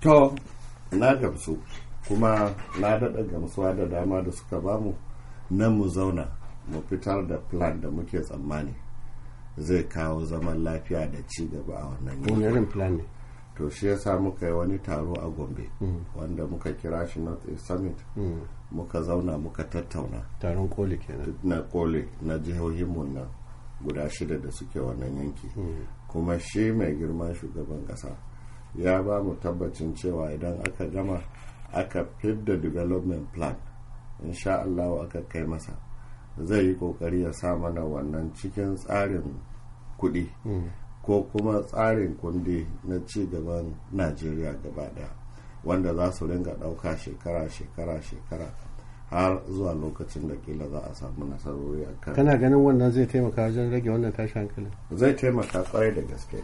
to na gamsu kuma na daɗa gamsuwa da dama da suka bamu na mu zauna mu fitar da plan da muke tsammani zai kawo zaman lafiya da ci gaba a wannan yankin plan ne to shi sa muka yi wani taro a gombe mm. wanda muka kira shi north east summit mm. muka zauna muka tattauna taron koli kenan na koli na jihohinmu na guda shida da suke wannan yanki mm. kuma shi mai girman shugaban kasa ya ba mu tabbacin cewa idan aka gama aka fidda development plan insha Allah aka kai masa zai yi kokari ya sa mana wannan cikin tsarin kuɗi mm. ko kuma tsarin kundi na ci gaban najeriya gaba daya wanda za su ringa ɗauka shekara shekara shekara har zuwa lokacin da kila za a samu nasarori a kana ganin wannan zai taimaka wajen rage wannan tashi hankali zai taimaka kwarai da gaske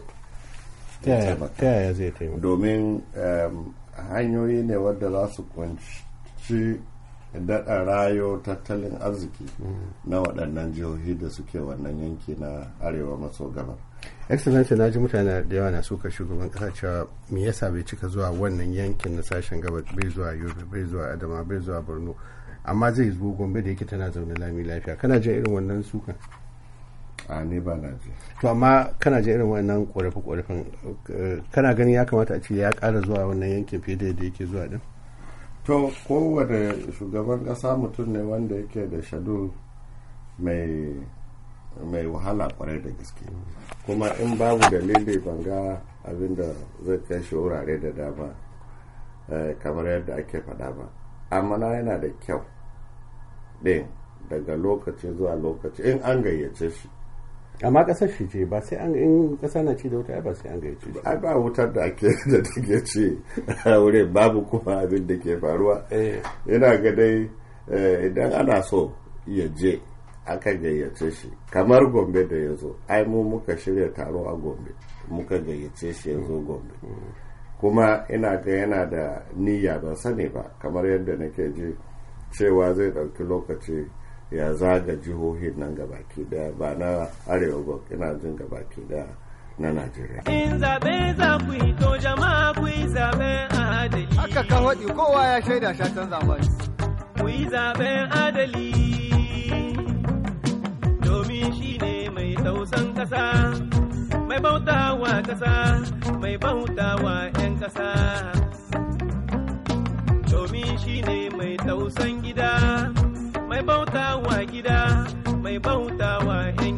taimaka yaya zai taimaka domin um, hanyoyi ne wadda za su kunci daɗa rayo tattalin arziki mm. na waɗannan jihohi da suke wannan yanki na arewa maso gaba. excellency na ji mutane da yawa na suka shugaban kasa cewa me yasa bai cika zuwa wannan yankin na sashen gabas bai zuwa yobe bai zuwa adama bai zuwa borno amma zai zo gombe da yake tana zaune lami lafiya kana jin irin wannan sukan a ne ba na ji to amma kana je irin wannan korafi korafin eh, kana ganin ya kamata a ce ya kara zuwa wannan yankin fiye da yake zuwa din to kowane shugaban ƙasa mutum ne wanda yake da shadu mai wahala kwarai da gaske kuma in babu dalili banga abinda zai kai shi wurare da dama eh, kamar yadda ake faɗa ba amma na yana da kyau ɗin daga lokaci zuwa lokaci in an gayyace shi amma kasar shi ce ba sai an in kasa na ci da wuta ba sai an gaice ci. ba wutar da ake da take ce wurin babu kuma abin da ke faruwa yana eh. ga dai eh, idan ana so ya je aka gayyace shi kamar gombe da ya zo ai mu muka shirya taro a gombe muka gayyace shi ya zo gombe mm. kuma ina ga yana da niyya ban sani ba kamar yadda nake je cewa zai ɗauki lokaci ya zaga jihohin nan gabaki daya ba na arewa ba ina jin gabaki daya na najeriya in jama'a kan waɗi kowa ya shaida shatan ku yi adali domin shi ne mai tausan ƙasa mai bautawa ƙasa mai bautawa 'yan ƙasa domin shi ne mai tausan dawa gida mai bautawa yan